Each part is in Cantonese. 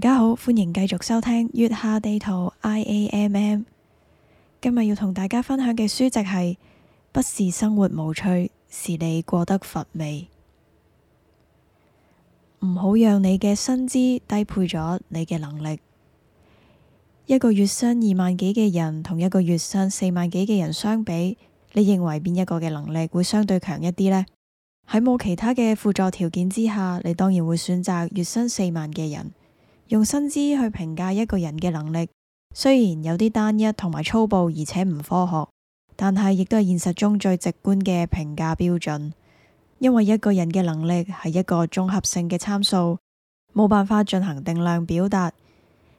大家好，歡迎繼續收聽月下地圖 I A M M。今日要同大家分享嘅書籍係《不是生活無趣，是你過得乏味》。唔好讓你嘅薪資低配咗你嘅能力。一個月薪二萬幾嘅人，同一個月薪四萬幾嘅人相比，你認為邊一個嘅能力會相對強一啲呢？喺冇其他嘅輔助條件之下，你當然會選擇月薪四萬嘅人。用薪資去評價一個人嘅能力，雖然有啲單一同埋粗暴，而且唔科學，但係亦都係現實中最直觀嘅評價標準。因為一個人嘅能力係一個綜合性嘅參數，冇辦法進行定量表達，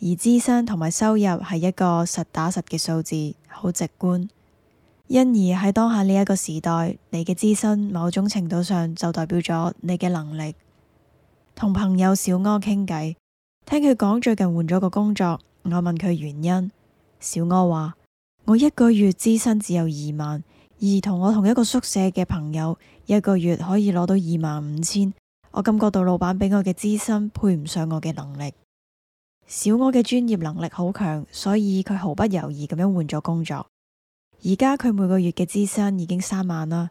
而資薪同埋收入係一個實打實嘅數字，好直觀。因而喺當下呢一個時代，你嘅資薪某種程度上就代表咗你嘅能力。同朋友小柯傾偈。聽佢講最近換咗個工作，我問佢原因，小柯話：我一個月資薪只有二萬，而同我同一個宿舍嘅朋友一個月可以攞到二萬五千，我感覺到老闆俾我嘅資薪配唔上我嘅能力。小柯嘅專業能力好強，所以佢毫不猶豫咁樣換咗工作。而家佢每個月嘅資薪已經三萬啦。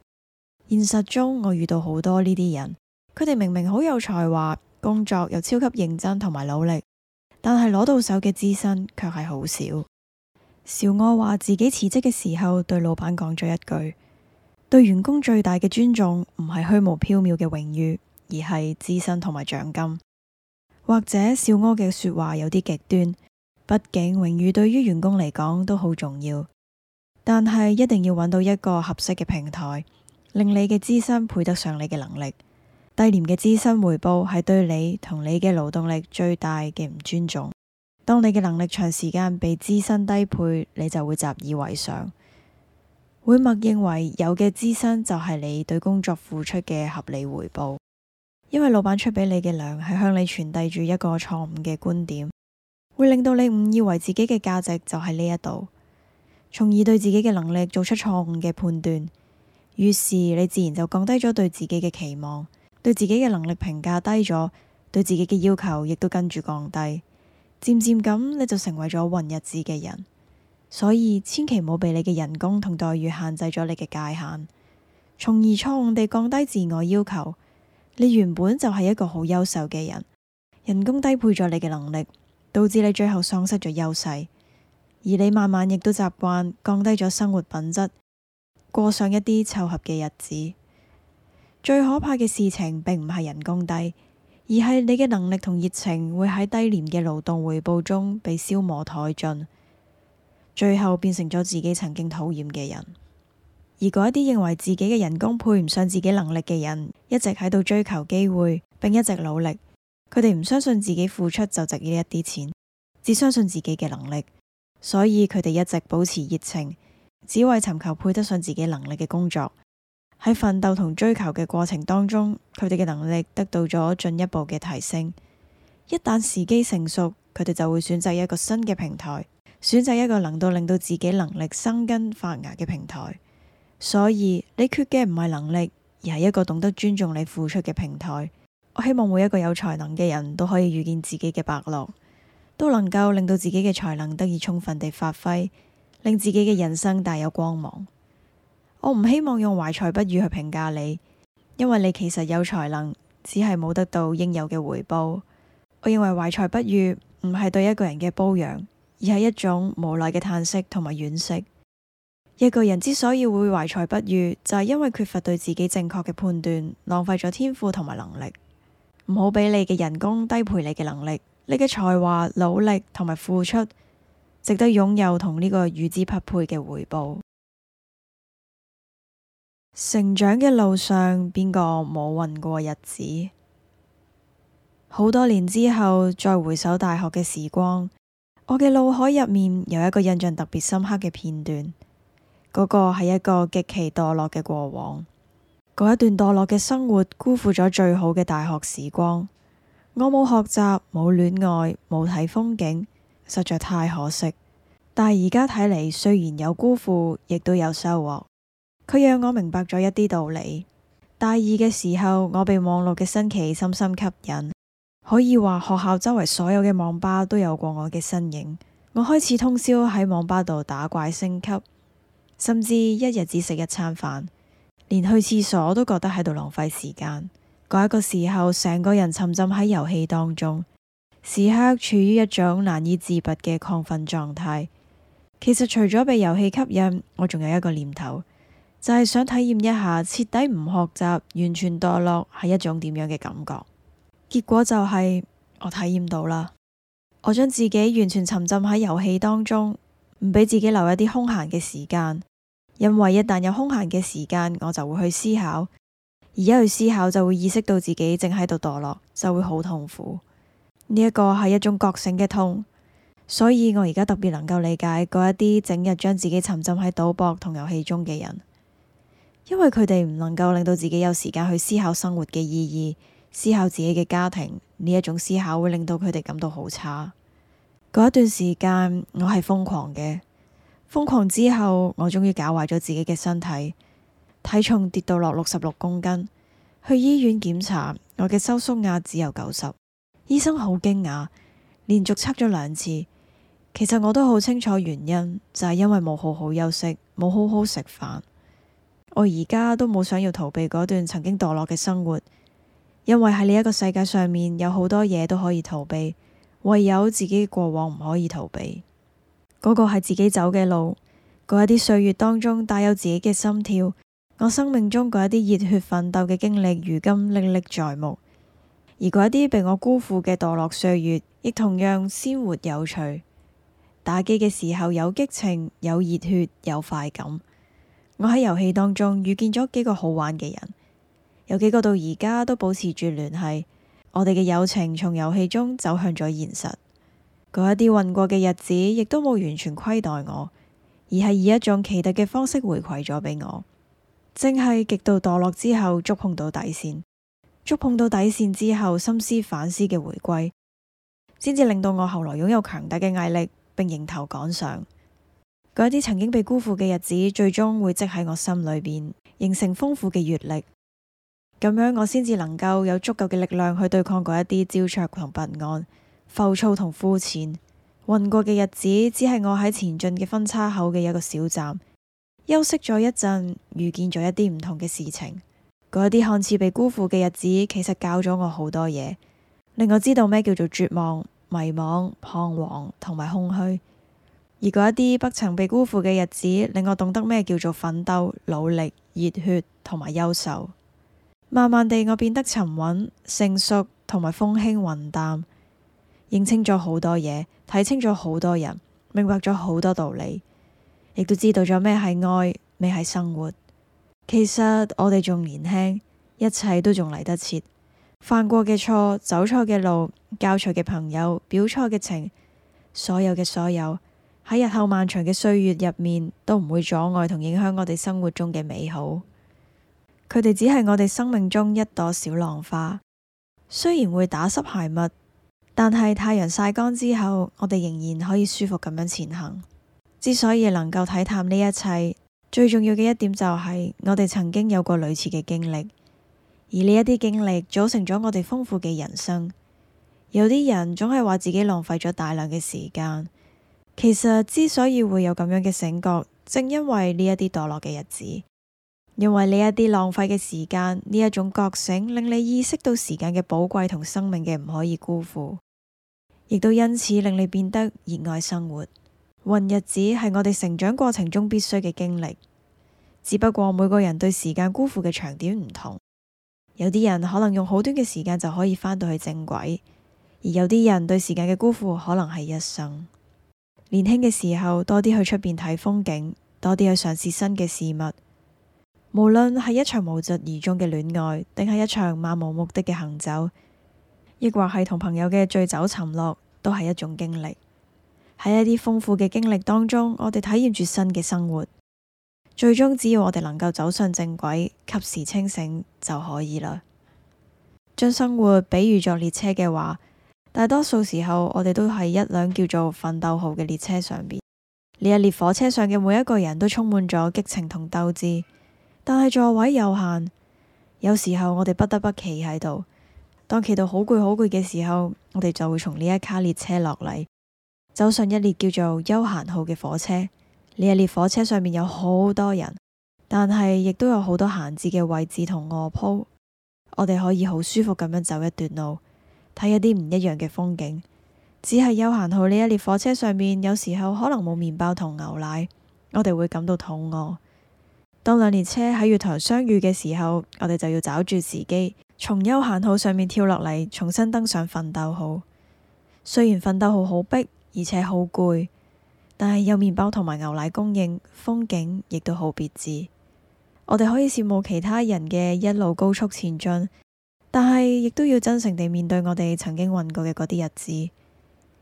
現實中我遇到好多呢啲人，佢哋明明好有才華。工作又超級認真同埋努力，但係攞到手嘅資薪卻係好少。少柯話自己辭職嘅時候對老闆講咗一句：對員工最大嘅尊重唔係虛無縹緲嘅榮譽，而係資薪同埋獎金。或者少柯嘅說話有啲極端，畢竟榮譽對於員工嚟講都好重要，但係一定要揾到一個合適嘅平台，令你嘅資薪配得上你嘅能力。.低廉嘅資薪回報係對你同你嘅勞動力最大嘅唔尊重。當你嘅能力長時間被資薪低配，你就會習以為常，會默認為有嘅資薪就係你對工作付出嘅合理回報。因為老闆出俾你嘅糧係向你傳遞住一個錯誤嘅觀點，會令到你誤以為自己嘅價值就喺呢一度，從而對自己嘅能力做出錯誤嘅判斷。於是你自然就降低咗對自己嘅期望。對自己嘅能力評價低咗，對自己嘅要求亦都跟住降低，漸漸咁你就成為咗混日子嘅人。所以千祈唔好被你嘅人工同待遇限制咗你嘅界限，從而錯誤地降低自我要求。你原本就係一個好優秀嘅人，人工低配咗你嘅能力，導致你最後喪失咗優勢，而你慢慢亦都習慣降低咗生活品質，過上一啲湊合嘅日子。最可怕嘅事情，並唔係人工低，而係你嘅能力同熱情會喺低廉嘅勞動回報中被消磨殆盡，最後變成咗自己曾經討厭嘅人。而嗰一啲認為自己嘅人工配唔上自己能力嘅人，一直喺度追求機會，並一直努力。佢哋唔相信自己付出就值呢一啲錢，只相信自己嘅能力，所以佢哋一直保持熱情，只為尋求配得上自己能力嘅工作。喺奮鬥同追求嘅過程當中，佢哋嘅能力得到咗進一步嘅提升。一旦時機成熟，佢哋就會選擇一個新嘅平台，選擇一個能到令到自己能力生根發芽嘅平台。所以你缺嘅唔係能力，而係一個懂得尊重你付出嘅平台。我希望每一個有才能嘅人都可以遇見自己嘅伯樂，都能夠令到自己嘅才能得以充分地發揮，令自己嘅人生大有光芒。我唔希望用懷才不遇去評價你，因為你其實有才能，只係冇得到應有嘅回報。我認為懷才不遇唔係對一個人嘅褒揚，而係一種無奈嘅嘆息同埋惋惜。一個人之所以會懷才不遇，就係因為缺乏對自己正確嘅判斷，浪費咗天賦同埋能力。唔好俾你嘅人工低配你嘅能力，你嘅才華、努力同埋付出，值得擁有同呢個與之匹配嘅回報。成長嘅路上，邊個冇混過日子？好多年之後再回首大學嘅時光，我嘅腦海入面有一個印象特別深刻嘅片段。嗰個係一個極其墮落嘅過往，嗰一段墮落嘅生活辜負咗最好嘅大學時光。我冇學習，冇戀愛，冇睇風景，實在太可惜。但係而家睇嚟，雖然有辜負，亦都有收穫。佢讓我明白咗一啲道理。大二嘅時候，我被網絡嘅新奇深深吸引，可以話學校周圍所有嘅網吧都有過我嘅身影。我開始通宵喺網吧度打怪升級，甚至一日只食一餐飯，連去廁所都覺得喺度浪費時間。嗰一個時候，成個人沉浸喺遊戲當中，時刻處於一種難以自拔嘅亢奮狀態。其實除咗被遊戲吸引，我仲有一個念頭。就係想體驗一下徹底唔學習、完全墮落係一種點樣嘅感覺。結果就係、是、我體驗到啦。我將自己完全沉浸喺遊戲當中，唔俾自己留一啲空閒嘅時間。因為一旦有空閒嘅時間，我就會去思考，而一去思考就會意識到自己正喺度墮落，就會好痛苦。呢、這、一個係一種覺醒嘅痛，所以我而家特別能夠理解嗰一啲整日將自己沉浸喺賭博同遊戲中嘅人。因為佢哋唔能夠令到自己有時間去思考生活嘅意義，思考自己嘅家庭，呢一種思考會令到佢哋感到好差。嗰一段時間我係瘋狂嘅，瘋狂之後我終於搞壞咗自己嘅身體，體重跌到落六十六公斤，去醫院檢查我嘅收縮壓只有九十，醫生好驚訝，連續測咗兩次，其實我都好清楚原因，就係因為冇好好休息，冇好好食飯。我而家都冇想要逃避嗰段曾經墮落嘅生活，因為喺呢一個世界上面有好多嘢都可以逃避，唯有自己過往唔可以逃避。嗰個係自己走嘅路，嗰一啲歲月當中帶有自己嘅心跳，我生命中嗰一啲熱血奮鬥嘅經歷，如今歷歷在目；而嗰一啲被我辜負嘅墮落歲月，亦同樣鮮活有趣。打機嘅時候有激情，有熱血，有快感。我喺遊戲當中遇見咗幾個好玩嘅人，有幾個到而家都保持住聯繫，我哋嘅友情從遊戲中走向咗現實。嗰一啲混過嘅日子亦都冇完全虧待我，而係以一種奇特嘅方式回饋咗俾我。正係極度墮落之後觸碰到底線，觸碰到底線之後深思反思嘅回歸，先至令到我後來擁有強大嘅毅力，並迎頭趕上。嗰啲曾經被辜負嘅日子，最終會積喺我心裏邊，形成豐富嘅閲歷。咁樣我先至能夠有足夠嘅力量去對抗嗰一啲焦灼同不安、浮躁同膚淺混過嘅日子，只係我喺前進嘅分叉口嘅一個小站休息咗一陣，遇見咗一啲唔同嘅事情。嗰啲看似被辜負嘅日子，其實教咗我好多嘢，令我知道咩叫做絕望、迷茫、彷徨同埋空虛。而嗰一啲不曾被辜負嘅日子，令我懂得咩叫做奮鬥、努力、熱血同埋優秀。慢慢地，我變得沉穩、成熟同埋風輕雲淡，認清咗好多嘢，睇清咗好多人，明白咗好多道理，亦都知道咗咩係愛，咩係生活。其實我哋仲年輕，一切都仲嚟得切。犯過嘅錯，走錯嘅路，交錯嘅朋友，表錯嘅情，所有嘅所有。喺日後漫長嘅歲月入面，都唔會阻礙同影響我哋生活中嘅美好。佢哋只係我哋生命中一朵小浪花，雖然會打濕鞋襪，但係太陽曬乾之後，我哋仍然可以舒服咁樣前行。之所以能夠體淡呢一切，最重要嘅一點就係、是，我哋曾經有過類似嘅經歷，而呢一啲經歷組成咗我哋豐富嘅人生。有啲人總係話自己浪費咗大量嘅時間。其實之所以會有咁樣嘅醒覺，正因為呢一啲墮落嘅日子，因為呢一啲浪費嘅時間，呢一種覺醒令你意識到時間嘅寶貴同生命嘅唔可以辜負，亦都因此令你變得熱愛生活。混日子係我哋成長過程中必須嘅經歷，只不過每個人對時間辜負嘅長短唔同，有啲人可能用好短嘅時間就可以翻到去正軌，而有啲人對時間嘅辜負可能係一生。年輕嘅時候，多啲去出邊睇風景，多啲去嘗試新嘅事物。無論係一場無疾而終嘅戀愛，定係一場漫無目的嘅行走，亦或係同朋友嘅醉酒沉落，都係一種經歷。喺一啲豐富嘅經歷當中，我哋體驗住新嘅生活。最終，只要我哋能夠走上正軌，及時清醒就可以啦。將生活比喻作列車嘅話，大多數時候，我哋都係一輛叫做奮鬥號嘅列車上面。呢一列火車上嘅每一個人都充滿咗激情同鬥志，但係座位有限。有時候我哋不得不企喺度。當企到好攰好攰嘅時候，我哋就會從呢一卡列車落嚟，走上一列叫做休閒號嘅火車。呢一列，列火車上面有好多人，但係亦都有好多閒置嘅位置同臥鋪，我哋可以好舒服咁樣走一段路。睇一啲唔一樣嘅風景，只係休閒號呢一列火車上面，有時候可能冇麵包同牛奶，我哋會感到肚餓。當兩列車喺月台相遇嘅時候，我哋就要找住時機，從休閒號上面跳落嚟，重新登上奮鬥號。雖然奮鬥號好逼，而且好攰，但係有麵包同埋牛奶供應，風景亦都好別緻。我哋可以羨慕其他人嘅一路高速前進。但係，亦都要真誠地面對我哋曾經混過嘅嗰啲日子，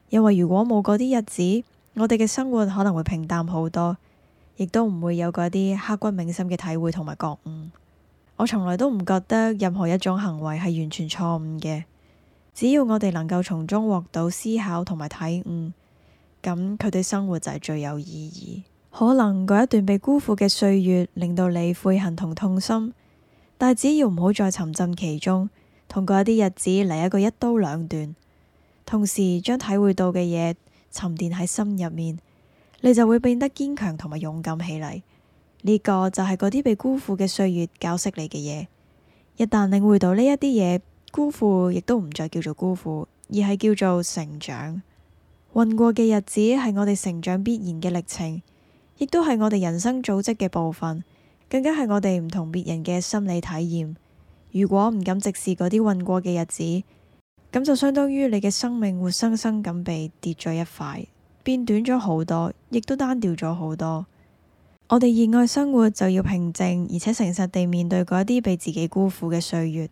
因為如果冇嗰啲日子，我哋嘅生活可能會平淡好多，亦都唔會有嗰啲刻骨銘心嘅體會同埋覺悟。我從來都唔覺得任何一種行為係完全錯誤嘅，只要我哋能夠從中獲到思考同埋體悟，咁佢對生活就係最有意義。可能嗰一段被辜負嘅歲月令到你悔恨同痛心，但只要唔好再沉浸其中。同過一啲日子嚟一個一刀兩斷，同時將體會到嘅嘢沉澱喺心入面，你就會變得堅強同埋勇敢起嚟。呢個就係嗰啲被辜負嘅歲月教識你嘅嘢。一旦領會到呢一啲嘢，辜負亦都唔再叫做辜負，而係叫做成長。混過嘅日子係我哋成長必然嘅歷程，亦都係我哋人生組織嘅部分，更加係我哋唔同別人嘅心理體驗。如果唔敢直視嗰啲混過嘅日子，咁就相當於你嘅生命活生生咁被跌咗一塊，變短咗好多，亦都單調咗好多。我哋熱愛生活就要平靜，而且誠實地面對嗰一啲被自己辜負嘅歲月。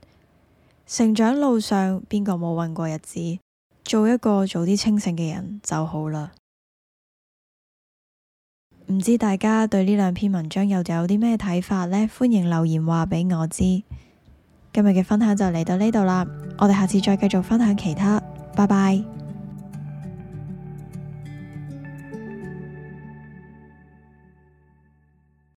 成長路上邊個冇混過日子？做一個早啲清醒嘅人就好啦。唔知大家對呢兩篇文章又有啲咩睇法呢？歡迎留言話俾我知。今日嘅分享就嚟到呢度啦，我哋下次再繼續分享其他，拜拜。